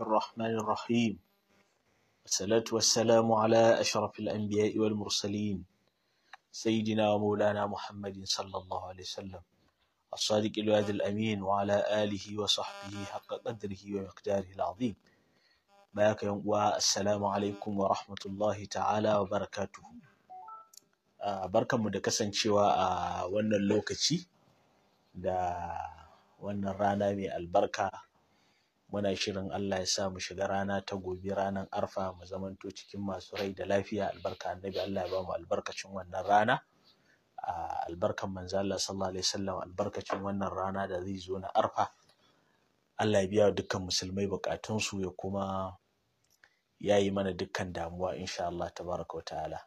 الرحمن الرحيم والصلاة والسلام على أشرف الأنبياء والمرسلين سيدنا ومولانا محمد صلى الله عليه وسلم الصادق الوعد الأمين وعلى آله وصحبه حق قدره ومقداره العظيم بارك يوم السلام عليكم ورحمة الله تعالى وبركاته barkanmu da kasancewa a wannan lokaci da wannan rana mai albarka muna shirin Allah ya sa mu shiga rana ta gobe ranar arfa mu zamanto cikin masu rai da lafiya albarka annabi Allah ya ba mu albarkacin wannan rana albarkan manzo Allah sallallahu alaihi wasallam albarkacin wannan rana da zai zo na arfa Allah ya biya dukkan musulmai bukatun su ya kuma yayi mana dukkan damuwa insha Allah tabaraka ta'ala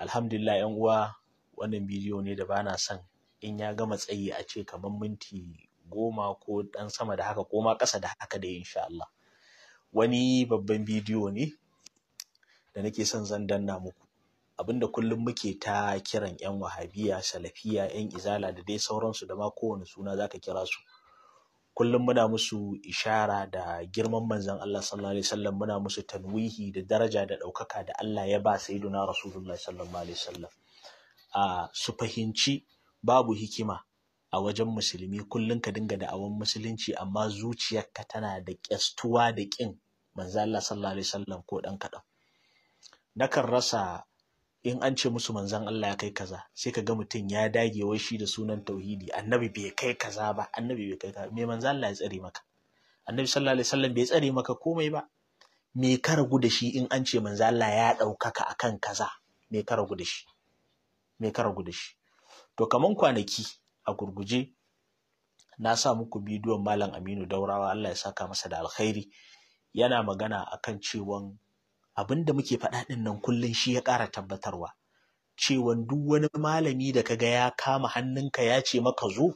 alhamdulillah yan uwa wannan bidiyo ne da bana son in ya gama tsayi a ce kamar minti goma ko ɗan sama da haka ko ma ƙasa da haka da insha Allah wani babban bidiyo ne da nake son zan danna muku abinda kullum muke ta kiran yan wahabiya salafiya yan izala da dai sauransu da ma kowane suna zaka kira su kullum muna musu ishara da girman manzon Allah sallallahu alaihi wasallam muna musu tanwihi da daraja da ɗaukaka da Allah ya ba sayyiduna rasulullahi sallallahu alaihi wasallam a ah, su fahimci babu hikima a wajen musulmi kullum ka dinga da'awan musulunci amma zuciyarka tana da kyastuwa da kin manzo Allah sallallahu alaihi wasallam ko dan kadan nakan rasa in an ce musu manzon Allah ya kai kaza sai ka ga mutum ya dage wai shi da sunan tauhidi annabi bai kai kaza ba annabi bai kai kaza me manzo Allah ya tsare maka annabi sallallahu alaihi wasallam bai tsare maka komai ba me ka ragu da shi in an ce manzo Allah ya ka akan kaza me ka ragu da shi me ka ragu da shi to kaman kwanaki a gurguje na sa muku bidiyon malam aminu daurawa allah ya saka masa da alkhairi yana magana akan cewan abin da muke faɗa ɗin nan kullum shi ya ƙara tabbatarwa cewan duk wani malami da ka ga ya kama hannunka ya ce maka zo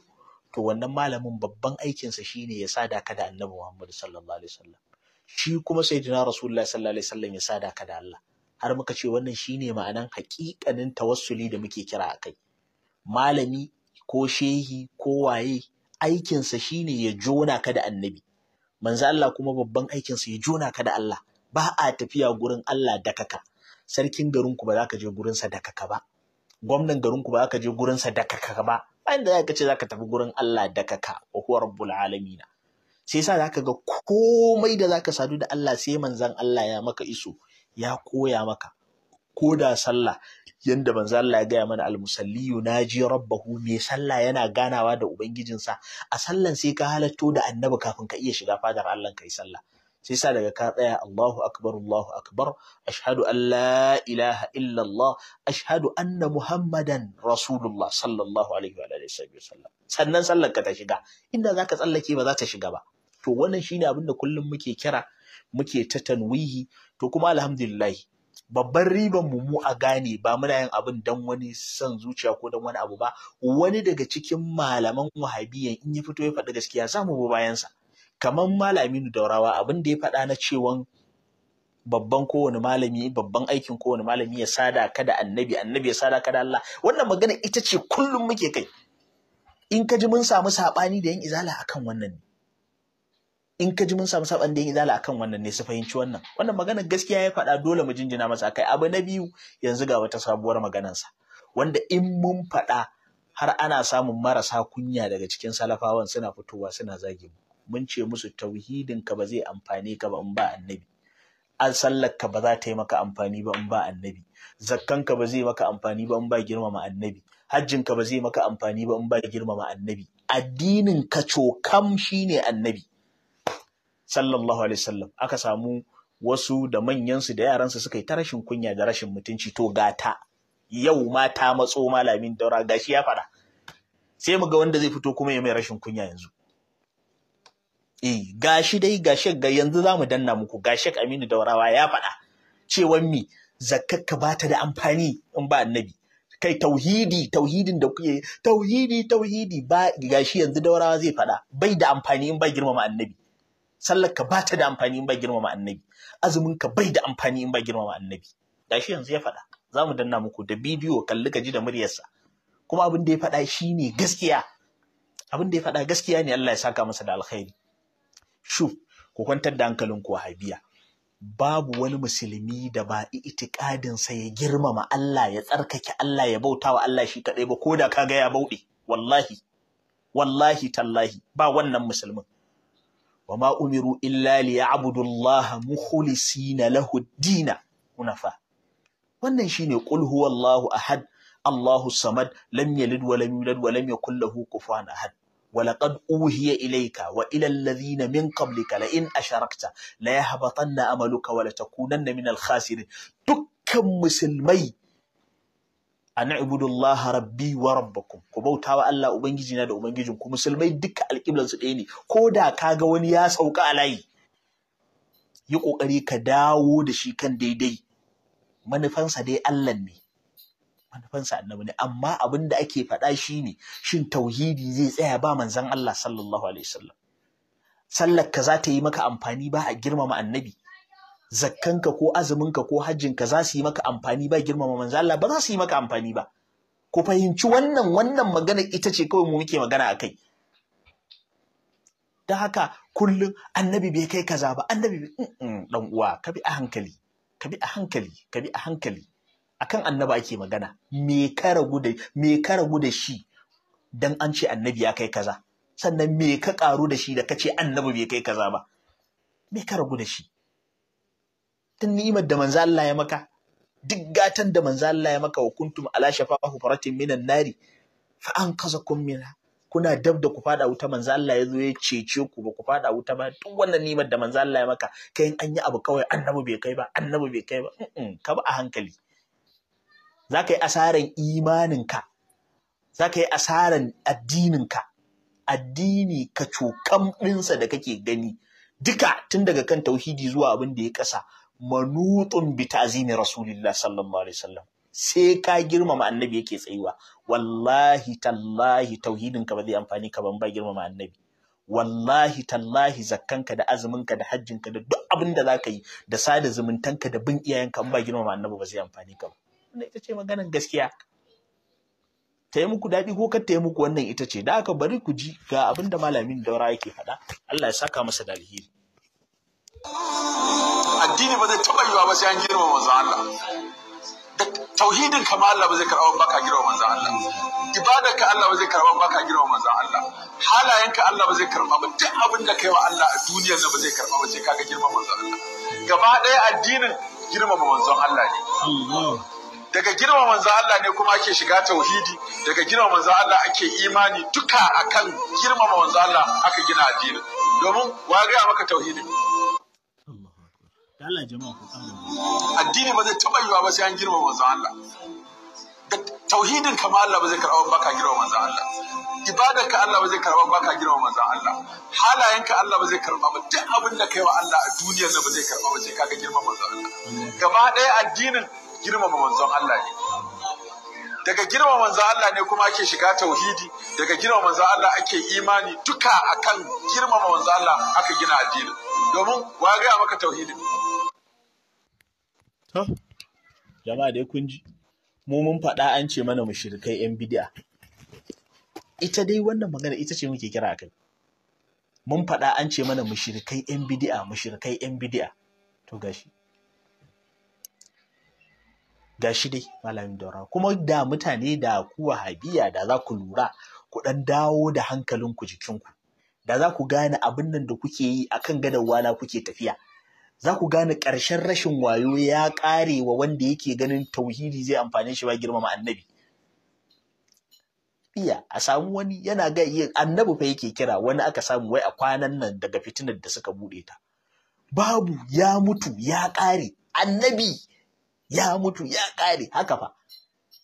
to wannan malamin babban aikinsa shine ya sada ka da annabi Muhammadu sallallahu alaihi wasallam shi kuma sayyidina rasulullahi sallallahu alaihi wasallam ya sada ka da Allah har muka ce wannan shine ma'anan haƙiƙanin tawassuli da muke kira a kai, malami ko shehi ko waye aikinsa shine ya jona ka da annabi manzo Allah kuma babban aikinsa ya jona ka da Allah ba a tafiya gurin Allah da kaka sarkin garinku ba za ka je gurinsa da kaka ba gwamnan garinku ba za ka je gurinsa da kaka ba da za ce za ka tafi gurin Allah da kaka wa huwa rabbul alamin sai sa za ka ga komai da za ka sadu da Allah sai manzan Allah ya maka iso ya koya maka ko da sallah yanda manzo Allah ya gaya mana almusalli yunaji rabbahu mai sallah yana ganawa da ubangijinsa a sallan sai ka halatto da annabi kafin ka iya shiga fadar Allah kai sallah sai sa daga ka tsaya Allahu akbar Allahu akbar ashhadu an la ilaha illa Allah ashhadu anna muhammadan rasulullah sallallahu alaihi wa alihi wasallam sannan sallar ka ta shiga inda zaka tsallake ba za ta shiga ba to wannan shine abin da kullum muke kira muke ta tanwihi to kuma alhamdulillah babban riban mu mu a gane ba muna yin abin dan wani son zuciya ko dan wani abu ba wani daga cikin malaman wahabiyyan in ya fito ya faɗi gaskiya za mu bi bayansa kamar malaminu daurawa abin da ya faɗa na cewan babban kowane malami babban aikin kowane malami ya sada ka da annabi annabi ya sada ka da Allah wannan magana ita ce kullum muke kai in ka ji mun samu saɓani da yin izala akan wannan ne in ka ji mun samu saɓan da yin akan wannan ne su fahimci wannan wannan maganar gaskiya ya faɗa dole mu jinjina masa kai abu na biyu yanzu ga wata sabuwar maganarsa wanda in mun faɗa har ana samun marasa kunya daga cikin salafawan suna fitowa suna zagi mu mun ce musu tauhidin ka ba zai amfani ka ba in ba annabi an sallar ka ba za ta yi maka amfani ba in ba annabi zakkan ka ba zai maka amfani ba in ba girmama annabi hajjin ka ba zai maka amfani ba in ba girmama annabi addinin ka cokam shine annabi sallallahu alaihi wasallam aka samu wasu da manyansu da yaransu suka yi ta rashin kunya da rashin mutunci to gata yau ma ta matso malamin daura gashi ya fada sai mu ga wanda zai fito kuma ya mai rashin kunya yanzu eh gashi dai gashi ga yanzu zamu danna muku gashi Aminu Daurawa ya faɗa cewan mi zakkakka ba ta da amfani in ba annabi kai tauhidi tauhidin da kuke tauhidi tauhidi ba gashi yanzu Daurawa zai faɗa bai da amfani in ba girmama annabi sallar ka bata da amfani in ba girmama annabi azumin ka bai da amfani in ba girmama annabi gashi yanzu ya faɗa za mu danna muku da bidiyo kalli ka ji da muryarsa kuma abin da ya faɗa shine gaskiya abin da ya faɗa gaskiya ne Allah ya saka masa da alkhairi shu ku kwantar da hankalin ku habiya babu wani musulmi da ba itikadin sa ya girmama Allah ya tsarkake Allah ya bautawa Allah shi kadai ba koda ga ya bauɗe wallahi wallahi tallahi ba wannan musulmin wa ma umiru illa liya'budu Allah mukhlisina lahu ad-din hunafa wannan shine qul huwallahu ahad Allahu samad lam yalid wa lam Walaƙad, wa lam yakul lahu kufuwan ahad ولقد أوهي إليك وإلى الذين من قبلك لئن أشركت ليهبطن أملك ولتكونن من الخاسرين دكا مسلمي ana ibudullaha rabbi wa rabbakum ku bauta wa Allah ubangiji na da ubangijin ku musulmai duka alƙiblan su ɗaya ne ko da ka ga wani ya sauka a layi yi ƙoƙari ka dawo da shi kan daidai manufansa dai Allah ne manufansa annabi ne amma abin da ake faɗa shi ne shin tauhidi zai tsaya ba manzon Allah sallallahu alaihi wasallam sallar ka za ta yi maka amfani ba a girmama annabi zakkanka ko azuminka ko hajjinka za su yi maka amfani ba girmama manzo Allah ba za su yi maka amfani ba ku fahimci wannan wannan magana ita ce kawai mu muke magana akai da haka kullum annabi bai kai kaza ba annabi dan uwa ka bi a hankali ka bi a hankali ka bi a hankali akan annaba ake magana me ka ragu da me ka ragu da shi dan an ce annabi ya kai kaza sannan me ka karu da shi da kace annabi bai kai kaza ba me ka ragu da shi gatan ni'imar da manzo Allah ya maka duk gatan da manzo Allah ya maka wa kuntum ala shafahu faratin minan nari fa anqazakum minha kuna dab da ku fada wuta manzo Allah ya zo ya cece ku ba ku fada wuta ba duk wannan ni'imar da manzo Allah ya maka kai an yi abu kawai annabi bai kai ba annabi bai kai ba ka ba a hankali zaka yi asaran imaninka ka yi asaran addininka addini ka cokam ɗinsa da kake gani duka tun daga kan tauhidi zuwa abin da ya ƙasa manutun bi ta'zimi rasulillah sallallahu alaihi wasallam sai ka girmama annabi yake tsayuwa wallahi tallahi tauhidin ka ba zai amfani ka ban ba girmama annabi wallahi tallahi zakkanka da azuminka da hajjinka da duk abin da za ka yi da sada zumuntanka da bin iyayenka ba girmama annabi ba zai amfani ka ba wannan ita ce maganar gaskiya ta muku daɗi ko kar ta yi muku wannan ita ce da aka bari ku ji ga abin da malamin daura yake faɗa Allah ya saka masa da addini ba zai yiwa ba sai an girma manzo Allah da tauhidin kama Allah ba zai ba ka girma manzo Allah ibadar ka Allah ba zai ba ka girma manzo Allah halayen ka Allah ba zai ba duk abin da kai wa Allah a duniyar nan ba zai ba sai ka ga girma manzo Allah gaba ɗaya addinin girma manzon Allah ne daga girma manzo Allah ne kuma ake shiga tauhidi daga girma manzo Allah ake imani duka akan girma manzo Allah aka gina addini domin wa ga maka ta'uhidin? da Allah jama'a ku kama addini ba zai taba yiwa ba sai an girma manzon Allah da tauhidin kama Allah ba zai karɓa ba ka girma manzon Allah ibadar ka Allah ba zai karɓa ba ka girma manzon Allah halayen ka Allah ba zai karɓa ba duk abin da kai wa Allah a duniyar nan ba zai karɓa ba sai kaga girma manzon Allah gaba ɗaya addinin girmama manzon Allah ne daga girma manzon Allah ne kuma ake shiga tauhidi daga girma manzon Allah ake imani duka akan girmama manzon Allah aka gina addini domin wa ga maka tauhidi jama'a dai kun ji mu mun faɗa an ce mana shirkai yan bidiya. ita dai wannan magana ita ce muke kira kai. mun faɗa an ce mana shirkai yan mu shirkai yan bidiya. to gashi gashi dai malamin daura kuma da mutane da ku wahabiya da za ku lura ku dan dawo da hankalinku jikinku da za ku gane abin nan da kuke yi akan gadawala kuke tafiya za ku gane ƙarshen rashin wayo ya ƙare wa wanda yake ganin tauhidi zai amfane shi ba girmama annabi iya a samu wani yana ga iya annabi fa yake kira wani aka samu wai a kwanan nan daga fitinar da suka buɗe ta babu ya mutu ya ƙare annabi ya mutu ya ƙare haka fa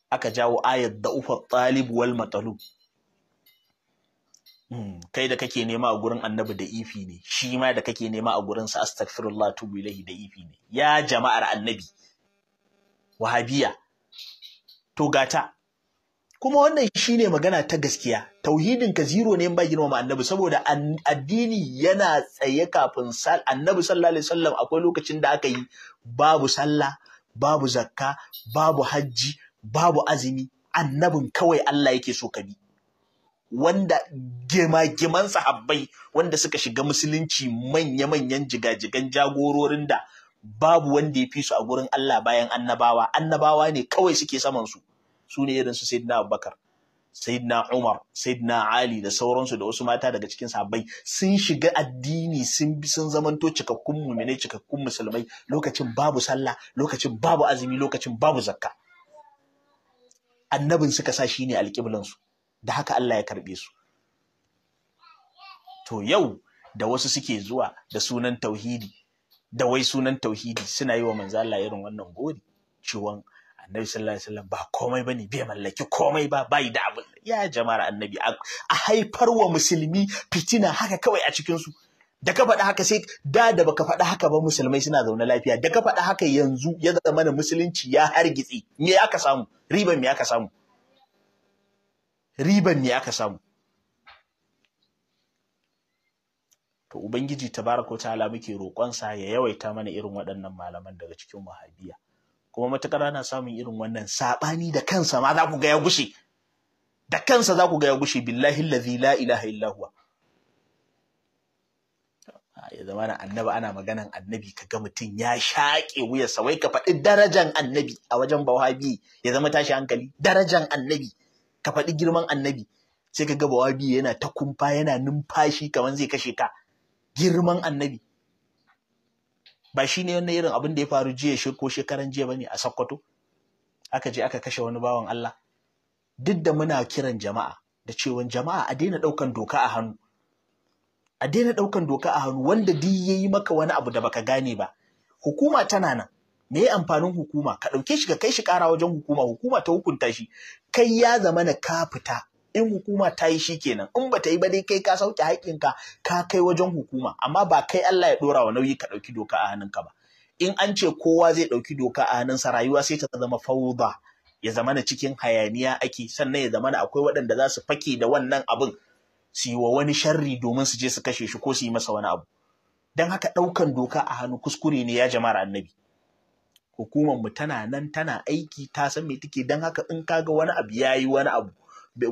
aka jawo ayat da ufa talib wal matalub Mm. kai da kake nema a gurin annabi da ifi ne shi ma da kake nema a gurin sa astaghfirullah tubu ilahi da ifi ne ya jama'ar annabi wahabiya to gata kuma wannan shine magana ta gaskiya tauhidin ka zero ne ba girmama annabi saboda addini yana tsaye kafin sal annabi sallallahu alaihi wasallam akwai lokacin da aka yi babu sallah babu zakka babu hajji babu azumi annabin kawai Allah yake so ka bi wanda gima gima-giman sahabbai wanda suka shiga musulunci manya-manyan jigajigan jagororin da babu wanda ya fi su a gurin Allah bayan annabawa annabawa ne kawai suke saman su su ne irin su sayyidina Abubakar sayyidina Umar sayyidina Ali da sauransu da wasu mata daga cikin sahabbai sun shiga addini sun bi sun zamanto cikakkun mu'minai cikakkun musulmai lokacin babu sallah lokacin babu azumi lokacin babu zakka annabin suka sa shine alƙiblansu su da haka Allah ya karɓe su to yau da wasu suke zuwa da sunan tauhidi da wai sunan tauhidi suna yi wa Manzala irin wannan gori ciwon annabi sallallahu alaihi wasallam ba komai bane bai mallaki komai ba bai da abin ya jama'ar annabi a haifar wa musulmi fitina haka kawai a cikin su da ka faɗa haka sai da da baka faɗa haka ba musulmai suna zaune lafiya da ka faɗa haka yanzu ya zama musulunci ya hargitse me aka samu riban me aka samu riban ne aka samu to ubangiji ta tabaraka ta'ala muke roƙon sa ya yawaita mana irin waɗannan malaman daga cikin wahabiya kuma matakar ana samun irin wannan saɓani. da kansa ma za ku ga ya gushe da kansa za ku ga ya gushe billahi allazi la ilaha illa ya zama na annabi ana maganan annabi ka ga mutum ya shaƙe wuyarsa wai ka faɗi darajan annabi a wajen bawabi ya zama tashi hankali darajan annabi ka faɗi girman annabi sai ka ga wabi yana ta kumfa yana numfashi kamar zai kashe ka girman annabi ba shi ne wannan irin abin da ya faru jiya ko shekaran jiya bane a Sokoto aka je aka kashe wani bawan Allah duk da muna kiran jama'a da cewa jama'a a daina ɗaukan doka a hannu a daina ɗaukan doka a hannu wanda duk yayi maka wani abu da baka gane ba hukuma tana nan me amfanin hukuma ka ɗauke shi ka kai shi ƙara wajen hukuma hukuma ta hukunta shi kai ya zama na ka fita in hukuma ta yi shi kenan in ba ta yi ba dai kai ka sauke haƙƙinka ka kai wajen hukuma amma ba kai Allah ya ɗora wa nauyi ka ɗauki doka a hannunka ba in an ce kowa zai ɗauki doka a hannunsa rayuwa sai ta zama fauda ya zama na cikin hayaniya ake sannan ya zama na akwai waɗanda za su fake da wannan abin su yi wa wani sharri domin su je su kashe shi ko su yi masa wani abu don haka ɗaukan doka a hannu kuskure ne ya jama'ar annabi hukumar mu tana nan tana aiki ta san me take dan haka in kaga wani abu yayi wani abu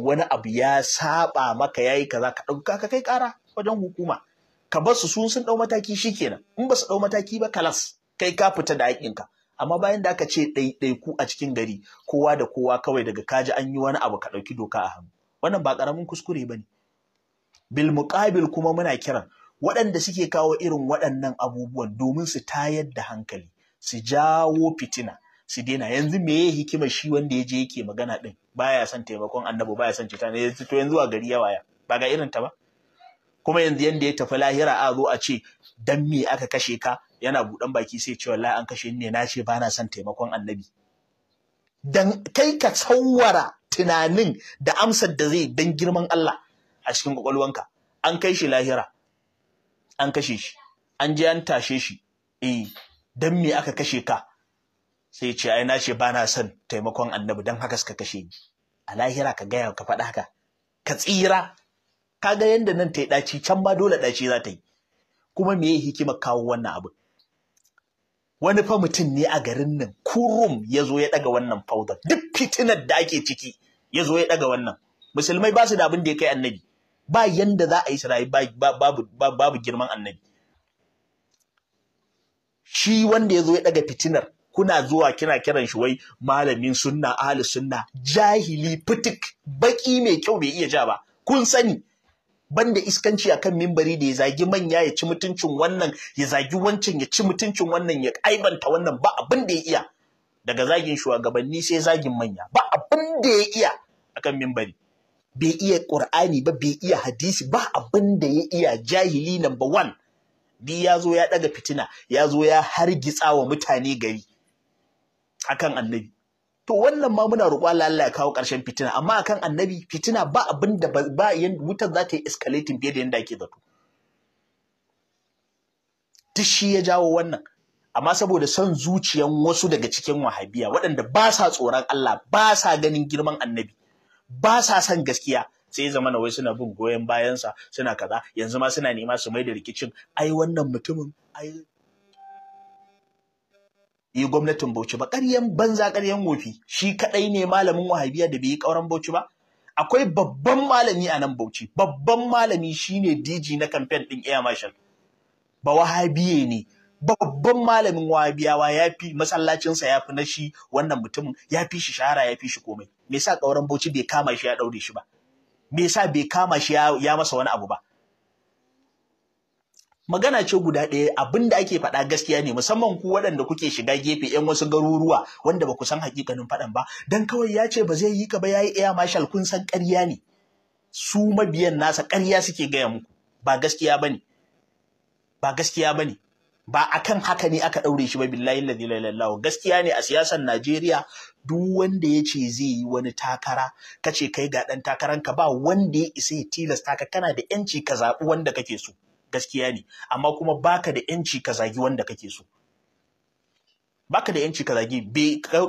wani abu ya saba maka yayi kaza ka dauka ka kai kara wajen hukuma ka bar su sun dau mataki shikenan in ba su dau mataki ba kalas kai ka fita da ka. amma bayan da aka ce ku a cikin gari kowa da kowa kawai daga kaji an yi wani abu ka ɗauki doka a hannu wannan ba karamin kuskure ba ne bil muƙabil kuma muna kiran waɗanda suke kawo irin waɗannan abubuwan domin su tayar da hankali su jawo fitina su daina yanzu me ya hikimar shi wanda ya je yake magana din baya son taimakon annabi baya son cita ne to yanzu a gari ya waya ba ga irin ta ba kuma yanzu yanda ya tafi lahira a zo a ce dan me aka kashe ka yana buɗan baki sai ce wallahi an kashe ni ne na ce bana son taimakon annabi dan kai ka tsawara tunanin da amsar da zai dan girman Allah a cikin kwakwalwanka an kai shi lahira an kashe shi an je an tashe shi eh dan me aka kashe ka sai ce ai na ce ba son taimakon annabi dan haka suka kashe ni a lahira ka gaya ka faɗa haka ka tsira kaga yanda nan ta yi ɗaci can ma dole ɗaci za ta yi kuma me ya hikima kawo wannan abu wani fa mutum ne a garin nan kurum ya zo ya ɗaga wannan faudar duk fitinar da ake ciki ya zo ya ɗaga wannan musulmai ba su da abin da ya kai annabi ba yanda za a yi su babu girman annabi shi wanda ya zo ya daga fitinar kuna zuwa kina kiran shi wai malamin sunna ahli sunna jahili fitik baki mai kyau bai iya ja ba kun sani banda iskanci akan mimbari da ya zagi manya ya ci mutuncin wannan ya zagi wancan ya ci mutuncin wannan ya aibanta wannan ba abin da ya iya daga zagin shugabanni sai zagin manya ba abin da ya iya akan mimbari bai iya qur'ani ba bai iya hadisi ba abin da ya iya jahili number one Ni ya zo ya ɗaga fitina ya zo ya hargitsa wa mutane gari akan annabi to wannan ma muna roƙo Allah Allah ya kawo ƙarshen fitina amma akan annabi fitina ba abin da ba wutar za ta yi escalating fiye da yadda ake zato duk shi ya jawo wannan amma saboda son zuciyan wasu daga cikin wahabiya waɗanda ba sa tsoron Allah ba sa ganin girman annabi ba sa son gaskiya sai ya zama na wai suna bin goyon bayansa suna kaza yanzu ma suna nema su mai da rikicin ai wannan mutumin ai yi gwamnatin Bauchi ba ƙaryen banza ƙaryen wofi shi kaɗai ne malamin wahabiya da bai yi ƙauren Bauchi ba akwai babban malami a nan Bauchi babban malami shine DG na kamfen ɗin Air Marshal ba wahabiye ne babban malamin wahabiyawa ya fi masallacinsa ya fi na shi wannan mutumin ya fi shi shahara ya fi shi komai me yasa ƙauren Bauchi bai kama shi ya ɗaure shi ba me yasa bai kama shi ya masa wani abu ba magana ce guda ɗaya abin da ake faɗa gaskiya ne musamman ku waɗanda kuke shiga gefe 'yan wasu garuruwa wanda ba ku san hakikanin faɗan ba dan kawai ya ce ba zai yi ka ba yayi iya mashal kun san ƙarya ne su mabiyan nasa ƙarya suke gaya muku ba gaskiya bane ba gaskiya bane ba akan haka ne aka ɗaure shi ba billahi la ilaha gaskiya ne a siyasar Najeriya duk wanda ya zai yi wani takara kace kai ga ɗan ka ba wanda ya isa ya tilasta ka kana da yanci ka zaɓi wanda kake so gaskiya ne amma kuma baka da yanci ka zagi wanda kake so baka da yanci ka zagi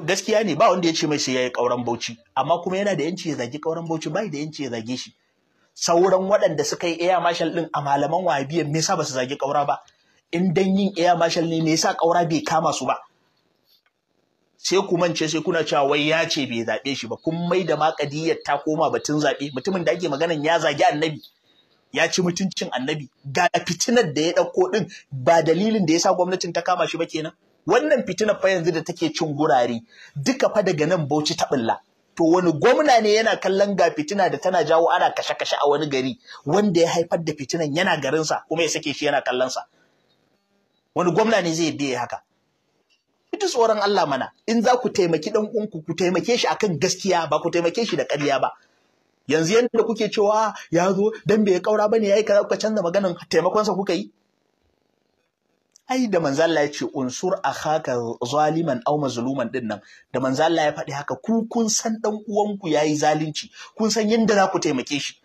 gaskiya ne ba wanda ya ce mai sai yayi kauran bauchi amma kuma yana da yanci ya zagi kauran bauchi bai da yanci ya zage shi sauran waɗanda suka yi iya mashal din a malaman wahabiya me yasa ba su zagi kaura ba in dan yin air marshal ne me yasa ƙaura bai kama su ba sai ku mance sai kuna cewa wai ya ce bai zaɓe shi ba kun mai da maƙadiyar ta koma batun zaɓe mutumin da ake magana ya zagi annabi ya ci mutuncin annabi ga fitinar da ya ɗauko ɗin ba dalilin da ya sa gwamnatin ta kama shi ba kenan wannan fitinar fa yanzu da take cin gurare duka fa daga nan bauchi ta ɓulla to wani gwamna ne yana kallon ga fitina da tana jawo ana kashe-kashe a wani gari wanda ya haifar da fitinan yana garinsa kuma ya sake shi yana kallon sa. wani gwamna ne zai biye haka ita tsoron Allah mana in za ku taimaki dan uwanku ku taimake shi akan gaskiya ba ku taimake shi da ƙarya ba yanzu yanda kuke cewa ya zo dan bai kaura ba ne, ya yi kaza kuka canza maganan taimakonsa kuka yi ai da manzo Allah ya ce unsur a haka zaliman au mazluman din nan da manzo Allah ya faɗi haka ku kun san ɗan uwanku yayi zalunci kun san yadda za ku taimake shi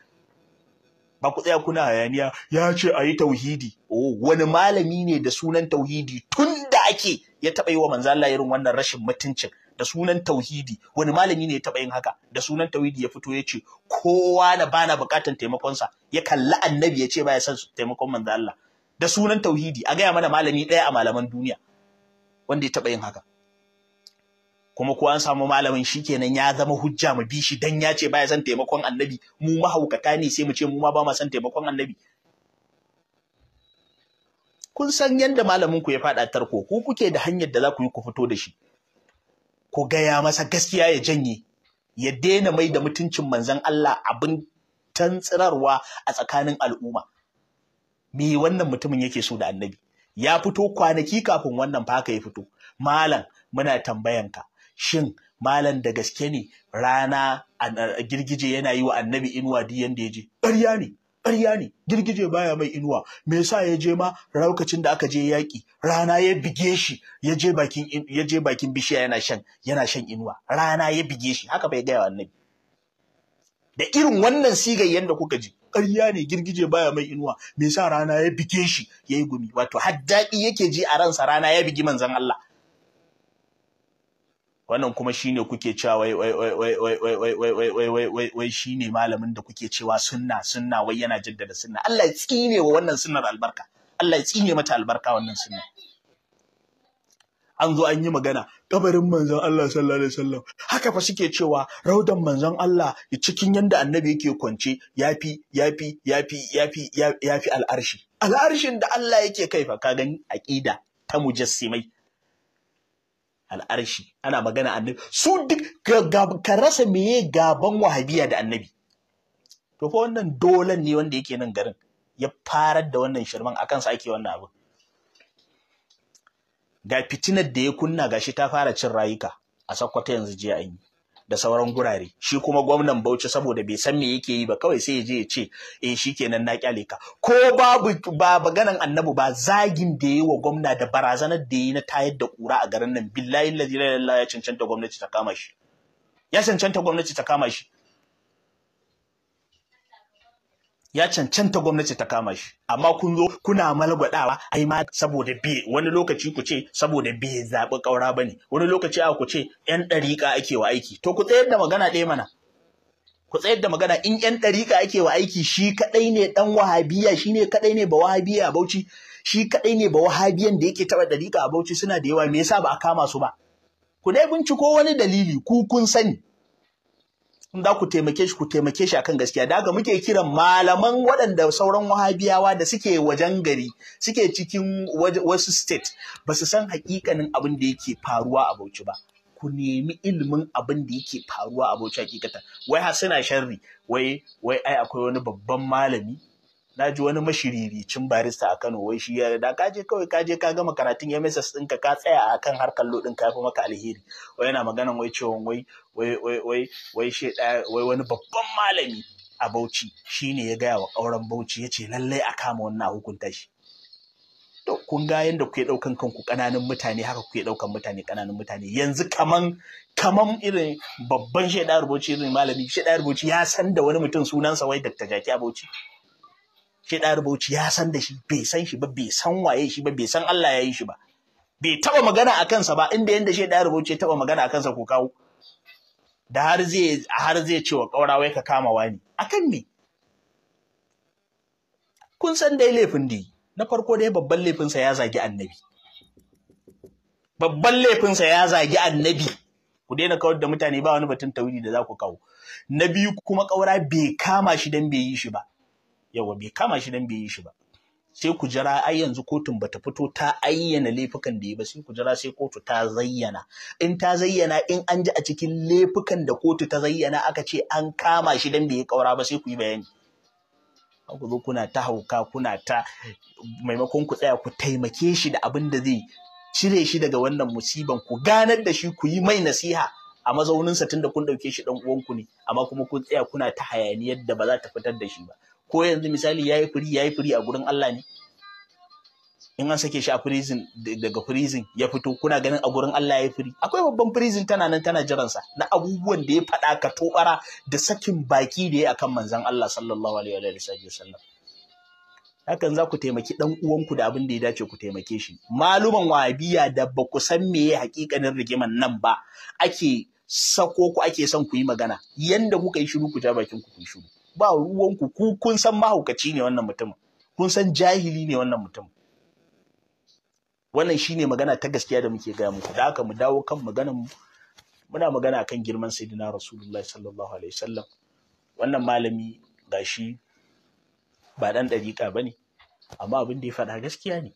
ba ku tsaya kuna hayaniya ya ce a yi tauhidi oh wani malami ne da sunan tauhidi tun da ake ya taɓa yi wa manzo Allah irin wannan rashin mutuncin da sunan tauhidi wani malami ne ya taɓa yin haka da sunan tauhidi ya fito ya ce kowa na bana buƙatar taimakonsa ya kalli annabi ya ce ya son taimakon manzo da sunan tauhidi a gaya mana malami ɗaya a malaman duniya wanda ya taɓa yin haka kuma ko an samu malamin shi kenan ya zama hujja mu bi shi dan ya ce baya san taimakon annabi mu mahaukata ne sai mu ce mu ma ba ma son taimakon annabi kun san yadda malamin ku ya faɗa tarko ku kuke da hanyar da za ku yi ku fito da shi ku gaya masa gaskiya ya janye ya daina mai da mutuncin manzon Allah abin tantsirarwa a tsakanin al'umma me wannan mutumin yake so da annabi ya fito kwanaki kafin wannan fa ka ya fito malam muna tambayanka shin malam da gaske ne rana girgije yana yi wa annabi inuwa duk yanda ya je ƙarya ne ƙarya ne girgije baya mai inuwa me yasa ya je ma lokacin da aka je yaƙi rana ya bige shi ya je bakin bishiya yana shan yana shan inuwa rana ya bige shi haka bai gaya wa annabi da irin wannan sigar yadda kuka ji ƙarya ne girgije baya mai inuwa me yasa rana ya bige shi yayi gumi wato Haddaki yake ji a ransa rana ya bigi manzon Allah wannan kuma shine kuke cewa wai wai wai wai wai wai wai wai wai wai wai wai wai shine malamin da kuke cewa sunna sunna wai yana jaddada sunna Allah ya tsine wa wannan sunnar albarka Allah ya tsine mata albarka wannan sunna an zo an yi magana kabarin manzon Allah sallallahu alaihi wasallam haka fa suke cewa raudan manzon Allah cikin yanda annabi yake kwance yafi yafi yafi yafi yafi al'arshi al'arshin da Allah yake kai fa ka gani aqida ta mujassimai al'arshi ana magana annabi su duk ka rasa meye gaban wahabiya da annabi to fa wannan dolan ne wanda yake nan garin ya farar da wannan shirman akan sa ake wannan abu ga fitinar da ya kunna gashi ta fara cin rayuka a sakkwata yanzu jiya an yi da sauran gurare shi kuma gwamnan Bauchi saboda bai san me yake yi ba kawai sai ya je ya ce eh kenan na kyale ka ko babu ba maganan annabi ba zagin da yayi wa gwamna da barazanar da yayi na tayar da kura a garin nan billahi la ya cancanta gwamnati ta kama shi ya cancanta gwamnati ta kama shi ya cancanta gwamnati ta kama shi amma kun zo kuna malgwadawa ai ma saboda biye wani lokaci ku ce saboda biye zaɓi ƙaura ba ne wani lokaci a ku ce ‘yan ɗariƙa ake wa aiki to ku tsayar da magana ɗaya mana ku tsayar da magana in ‘yan ɗariƙa ake wa aiki shi kaɗai ne ɗan wahabiya shi ne kaɗai ne ba wahabiya bauchi shi kaɗai ne ba wahabiyan da yake taɓa ɗariƙa a bauchi suna da yawa me yasa ba a kama su ba ku dai binciko wani dalili ku kun sani in za ku taimake shi ku taimake shi akan gaskiya daga muke kiran malaman waɗanda sauran wahabiyawa da suke wajen gari suke cikin wasu state ba su san hakikanin abin da yake faruwa a Bauchi ba ku nemi ilimin abin da yake faruwa a Bauchi hakikata. wai har suna sharri wai wai ai akwai wani babban malami na ji wani mashiriricin barista a Kano wai shi ya da kaje kawai kaje ka gama karatun MSS ɗinka ka tsaya akan harkar lo ɗin kafi maka alheri wai yana magana wai cewa wai wai wai wai wai wani babban malami a Bauchi shine ya gaya wa auren Bauchi ya ce lallai a kama wannan hukunta shi to kun ga yanda kuke ɗaukan kanku kananan mutane haka kuke ɗaukan mutane kananan mutane yanzu kaman kaman irin babban shaidar Bauchi irin malami shaidar Bauchi ya san da wani mutum sunansa wai Dr. Jaki a Bauchi shi da rubuci ya san da shi bai san shi ba bai san waye shi ba bai san Allah ya yi shi ba bai taba magana a kansa ba inda yanda shi da rubuci ya taba magana a kansa ko kawo da har zai har zai ce wa kaura wai ka kama wani akan me kun san dai laifin dai na farko dai babban laifinsa ya zagi annabi babban laifinsa ya zagi annabi ku daina kawar da mutane ba wani batun tawili da za ku kawo na biyu kuma ƙaura bai kama shi dan bai yi shi ba yawa bai kama shi dan bai yi shi ba sai ku jira ai yanzu kotun bata fito ta ayyana laifukan da ya ba sai ku jira sai kotu ta zayyana in ta zayyana in an ji a cikin laifukan da kotu ta zayyana aka ce an kama shi dan bai yi kaura ba sai ku yi bayani ku zo kuna ta hauka kuna ta maimakon ku tsaya ku taimake shi da abin da zai cire shi daga wannan musiban ku ganar da shi ku yi mai nasiha a mazauninsa tunda kun ɗauke shi ɗan uwanku ne amma kuma kun tsaya kuna ta hayaniyar da ba za ta fitar da shi ba ko yanzu misali yayi firi yayi firi a gurin Allah ne in an sake shi a prison daga prison ya fito kuna ganin a gurin Allah ya firi akwai babban prison tana nan tana jiransa na abubuwan da ya faɗa ka tobara da sakin baki da ya akan manzon Allah sallallahu alaihi wa sallam hakan za ku taimaki dan uwanku da abin da ya dace ku taimake shi maluman wabiya da ba ku san me ya hakikanin rigiman nan ba ake sako ku ake son ku yi magana yanda kuka yi shiru ku ja bakin ku ku shiru ba ruwanku ku kun san mahaukaci ne wannan mutum kun san jahili ne wannan mutum wannan shine magana ta gaskiya da muke gaya muku da haka mu dawo kan maganan muna magana kan girman sayyidina rasulullahi sallallahu alaihi wasallam wannan malami gashi ba dan dariƙa bane amma abin da ya faɗa gaskiya ne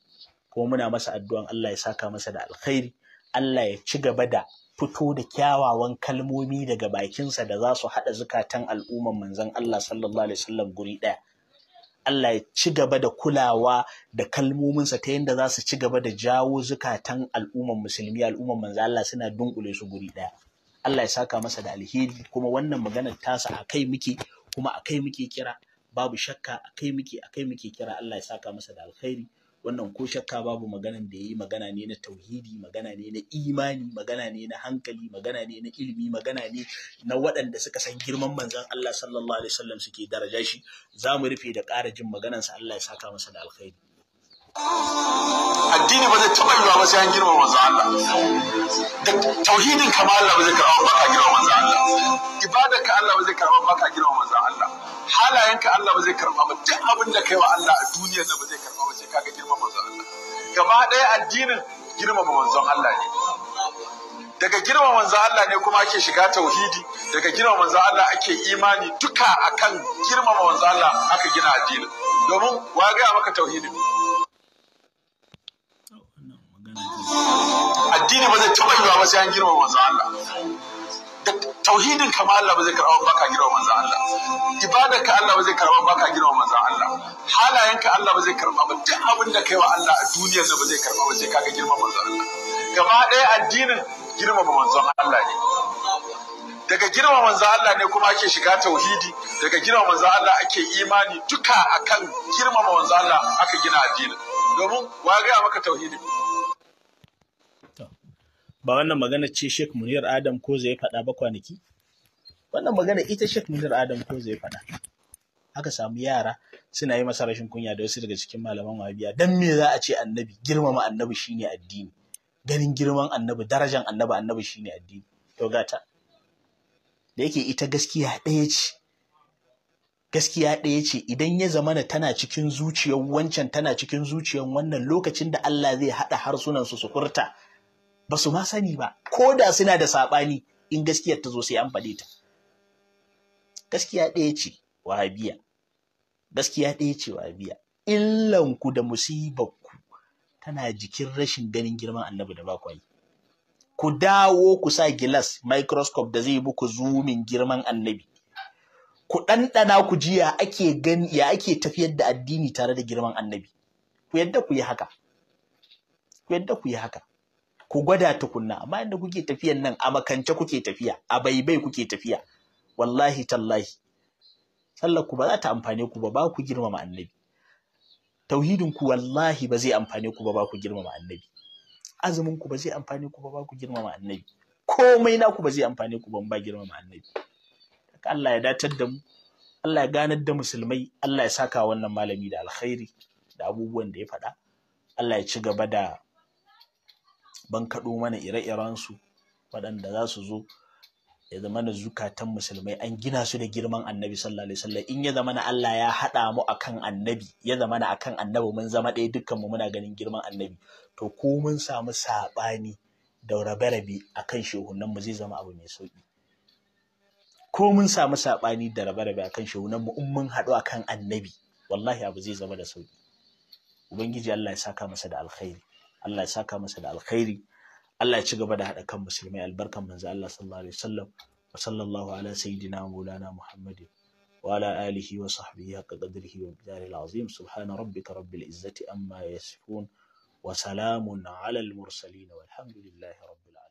kuma muna masa addu'an Allah ya saka masa da alkhairi Allah ya ci gaba da fito da kyawawan kalmomi daga bakinsa da za su haɗa zukatan al'umman manzan Allah sallallahu alaihi wasallam guri ɗaya. Allah ya ci gaba da kulawa da kalmominsa ta yadda za su ci gaba da jawo zukatan al'umman musulmi al'umman manzan. Allah suna dunkule su guri ɗaya. Allah ya saka masa da alheri kuma wannan maganar tasa a kai muke kuma a kai muke kira babu shakka a kai muke a kai muke kira Allah ya saka masa da alheri. wannan ko shakka babu maganan da yayi magana ne na tauhidi magana ne na imani magana ne na hankali magana ne na ilimi magana ne na waɗanda suka san girman manzon Allah sallallahu alaihi wasallam suke daraja shi za mu rufe da ƙara jin maganansa Allah ya saka masa da alkhairi addini ba zai taɓa yiwa ba sai an girma manzon Allah tauhidin kama Allah ba zai karɓa ba ka girma manzon Allah ibada ka Allah ba zai karɓa ba ka girma manzon Allah Halayenka Allah ba zai karɓa ba duk abin da kai wa Allah a duniyar nan ba zai karɓa ba sai ka ga girma gaba ɗaya addinin girmama manzon Allah ne daga girmama manzon Allah ne kuma ake shiga tauhidi daga girmama manzon Allah ake imani duka akan girmama manzon Allah aka gina addinin domin wa ga maka tauhidi addini ba zai taɓa yiwa ba sai an girmama manzon Allah da tauhidin kama Allah ba zai karɓa baka gina girma manzan Allah ibada ka Allah ba zai karɓa baka gina girma manzan Allah halayen ka Allah ba zai karɓa ba duk abin da kai wa Allah a duniyar nan ba zai karɓa ba sai kaga girma manzan Allah gaba ɗaya addinin girmama manzan Allah ne daga girma manzan Allah ne kuma ake shiga tauhidi daga girma manzan Allah ake imani duka akan girmama manzan Allah aka gina addinin domin wa ga maka tauhidi ba wannan magana ce Sheikh Munir Adam ko zai faɗa ba kwanaki wannan magana ita Sheikh Munir Adam ko zai faɗa aka samu yara suna yi masa rashin kunya da wasu daga cikin malaman wahabiya dan me za a ce annabi girmama annabi shine addini ganin girman annabi darajan annabi annabi shine addini to gata da yake ita gaskiya ɗaya ce gaskiya ɗaya ce idan ya zamana tana cikin zuciyar wancan tana cikin zuciyar wannan lokacin da Allah zai haɗa harsunan su su furta ba su ma sani ba ko da suna da saɓani in gaskiyar ta zo sai an faɗe ta gaskiya ɗaya ce wahabiya gaskiya ɗaya ce wahabiya illanku da musibanku tana jikin rashin ganin girman annabi da ba yi ku dawo ku sa gilas microscope da zai muku zumin girman annabi ku ɗanɗana ku ji ya ake gani ya ake tafiyar da addini tare da girman annabi ku yadda ku yi haka ku yadda ku yi haka ku gwada tukunna amma inda kuke tafiyan nan a makance kuke tafiya a baibai kuke tafiya wallahi tallahi sallar ku ba za ta amfane ku ba ba ku girmama annabi tauhidin ku wallahi ba zai amfane ku ba ba ku girmama annabi azumin ku ba zai amfane ku ba ba ku girmama annabi komai na ku ba zai amfane ku ba ba girmama annabi Allah ya datar da mu Allah ya ganar da musulmai Allah ya saka wannan malami da alkhairi da abubuwan da ya faɗa Allah ya ci gaba da Ban kaɗo mana ire-irensu waɗanda za su zo ya zama na zukatan musulmai an gina su da girman annabi sallallahu alaihi wasallam in ya zama na Allah ya haɗa mu akan annabi ya zama na akan annabi mun zama ɗaya dukkan mu muna ganin girman annabi to ko mun samu saɓani da rabe-rabe akan shehunan mu zai zama abu mai sauƙi ko mun samu saɓani da rabe-rabe akan shehunan mu in mun haɗu akan annabi wallahi abu zai zama da sauƙi ubangiji Allah ya saka masa da alkhairi Allah ya saka masa da alkhairi Allah ya cigaba da haɗa kan musulmai Albarka manzo Allah sallallahu alaihi ala Sayyidina maulana muhammad wa ala alihi wa sahbihi haqqa qadrihi wa bidari alazim subhana rabbika rabbil izzati amma yasifun wa salamun Alal Mursalina. mursalin walhamdulillahi rabbil alamin